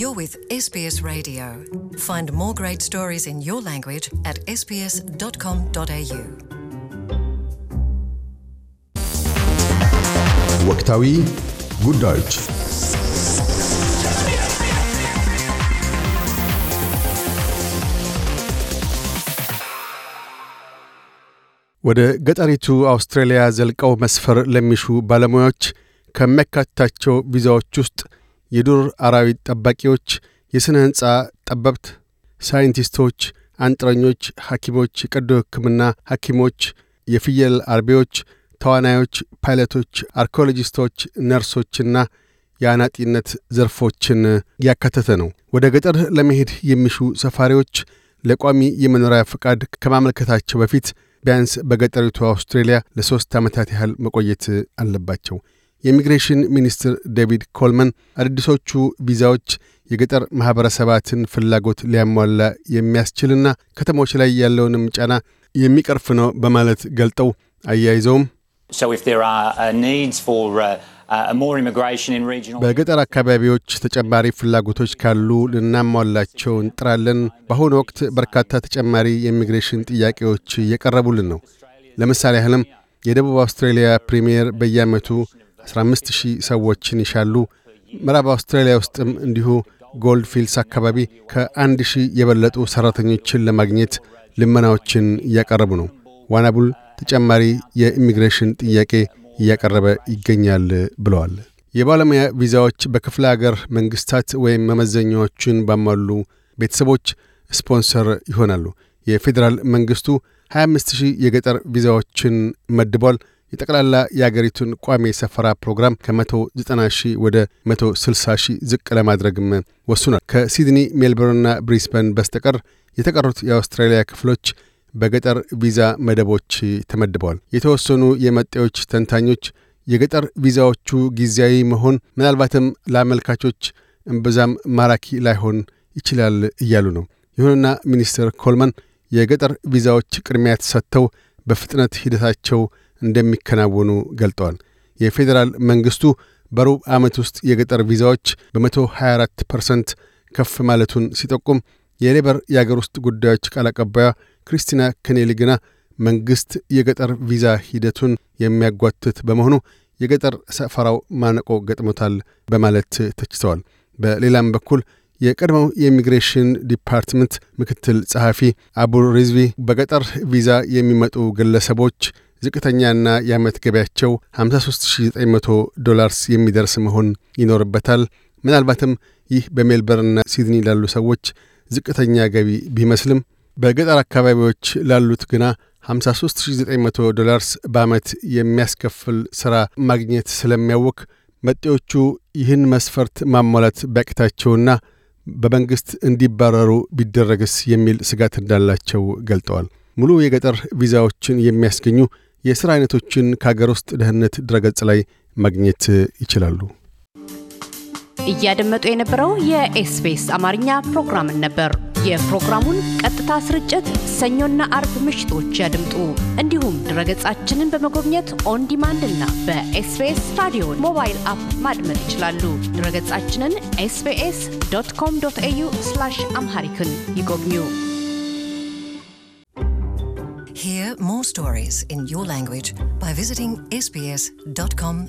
You're with SBS Radio. Find more great stories in your language at sbs.com.au. ወቅታዊ ጉዳዮች ወደ ገጠሪቱ አውስትራሊያ ዘልቀው መስፈር ለሚሹ ባለሙያዎች ከሚያካትታቸው ቪዛዎች ውስጥ የዱር አራዊት ጠባቂዎች፣ የሥነ ሕንፃ ጠበብት፣ ሳይንቲስቶች፣ አንጥረኞች፣ ሐኪሞች፣ የቀዶ ሕክምና ሐኪሞች፣ የፍየል አርቢዎች፣ ተዋናዮች፣ ፓይለቶች፣ አርኪኦሎጂስቶች፣ ነርሶችና የአናጢነት ዘርፎችን ያካተተ ነው። ወደ ገጠር ለመሄድ የሚሹ ሰፋሪዎች ለቋሚ የመኖሪያ ፈቃድ ከማመልከታቸው በፊት ቢያንስ በገጠሪቱ አውስትሬሊያ ለሦስት ዓመታት ያህል መቆየት አለባቸው። የኢሚግሬሽን ሚኒስትር ዴቪድ ኮልመን አዳዲሶቹ ቪዛዎች የገጠር ማኅበረሰባትን ፍላጎት ሊያሟላ የሚያስችልና ከተሞች ላይ ያለውንም ጫና የሚቀርፍ ነው በማለት ገልጠው አያይዘውም uh, uh, uh, በገጠር አካባቢዎች ተጨማሪ ፍላጎቶች ካሉ ልናሟላቸው እንጥራለን። በአሁኑ ወቅት በርካታ ተጨማሪ የኢሚግሬሽን ጥያቄዎች እየቀረቡልን ነው። ለምሳሌ ያህልም የደቡብ አውስትራሊያ ፕሪምየር በየዓመቱ 15 ሺህ ሰዎችን ይሻሉ። ምዕራብ አውስትራሊያ ውስጥም እንዲሁ ጎልድፊልድስ አካባቢ ከአንድ ሺህ የበለጡ ሠራተኞችን ለማግኘት ልመናዎችን እያቀረቡ ነው። ዋናቡል ተጨማሪ የኢሚግሬሽን ጥያቄ እያቀረበ ይገኛል ብለዋል። የባለሙያ ቪዛዎች በክፍለ አገር መንግሥታት ወይም መመዘኛዎችን ባሟሉ ቤተሰቦች ስፖንሰር ይሆናሉ። የፌዴራል መንግሥቱ 25 ሺህ የገጠር ቪዛዎችን መድቧል። የጠቅላላ የአገሪቱን ቋሚ የሰፈራ ፕሮግራም ከ190 ሺህ ወደ 160 ሺህ ዝቅ ለማድረግም ወስኗል። ከሲድኒ ሜልበርንና ብሪስበን በስተቀር የተቀሩት የአውስትራሊያ ክፍሎች በገጠር ቪዛ መደቦች ተመድበዋል። የተወሰኑ የመጤዎች ተንታኞች የገጠር ቪዛዎቹ ጊዜያዊ መሆን ምናልባትም ለአመልካቾች እምብዛም ማራኪ ላይሆን ይችላል እያሉ ነው። ይሁንና ሚኒስትር ኮልመን የገጠር ቪዛዎች ቅድሚያ ተሰጥተው በፍጥነት ሂደታቸው እንደሚከናወኑ ገልጠዋል። የፌዴራል መንግሥቱ በሩብ ዓመት ውስጥ የገጠር ቪዛዎች በ124 ፐርሰንት ከፍ ማለቱን ሲጠቁም የሌበር የአገር ውስጥ ጉዳዮች ቃል አቀባያ ክሪስቲና ከኔሊ ግና መንግሥት የገጠር ቪዛ ሂደቱን የሚያጓትት በመሆኑ የገጠር ሰፈራው ማነቆ ገጥሞታል በማለት ተችተዋል። በሌላም በኩል የቀድሞው የኢሚግሬሽን ዲፓርትመንት ምክትል ጸሐፊ አቡ ሪዝቪ በገጠር ቪዛ የሚመጡ ግለሰቦች ዝቅተኛና የዓመት ገቢያቸው 53900 ዶላርስ የሚደርስ መሆን ይኖርበታል። ምናልባትም ይህ በሜልበርንና ሲድኒ ላሉ ሰዎች ዝቅተኛ ገቢ ቢመስልም በገጠር አካባቢዎች ላሉት ግና 53900 ዶላርስ በዓመት የሚያስከፍል ሥራ ማግኘት ስለሚያወቅ መጤዎቹ ይህን መስፈርት ማሟላት ቢያቅታቸውና በመንግሥት እንዲባረሩ ቢደረግስ የሚል ስጋት እንዳላቸው ገልጠዋል። ሙሉ የገጠር ቪዛዎችን የሚያስገኙ የሥራ አይነቶችን ከአገር ውስጥ ደህንነት ድረገጽ ላይ ማግኘት ይችላሉ። እያደመጡ የነበረው የኤስቢኤስ አማርኛ ፕሮግራምን ነበር። የፕሮግራሙን ቀጥታ ስርጭት ሰኞና አርብ ምሽቶች ያድምጡ። እንዲሁም ድረገጻችንን በመጎብኘት ኦን ዲማንድ እና በኤስቢኤስ ራዲዮን ሞባይል አፕ ማድመጥ ይችላሉ። ድረገጻችንን ኤስቢኤስ ዶት ኮም ዶት ኤዩ አምሃሪክን ይጎብኙ። Hear more stories in your language by visiting sbs.com.au.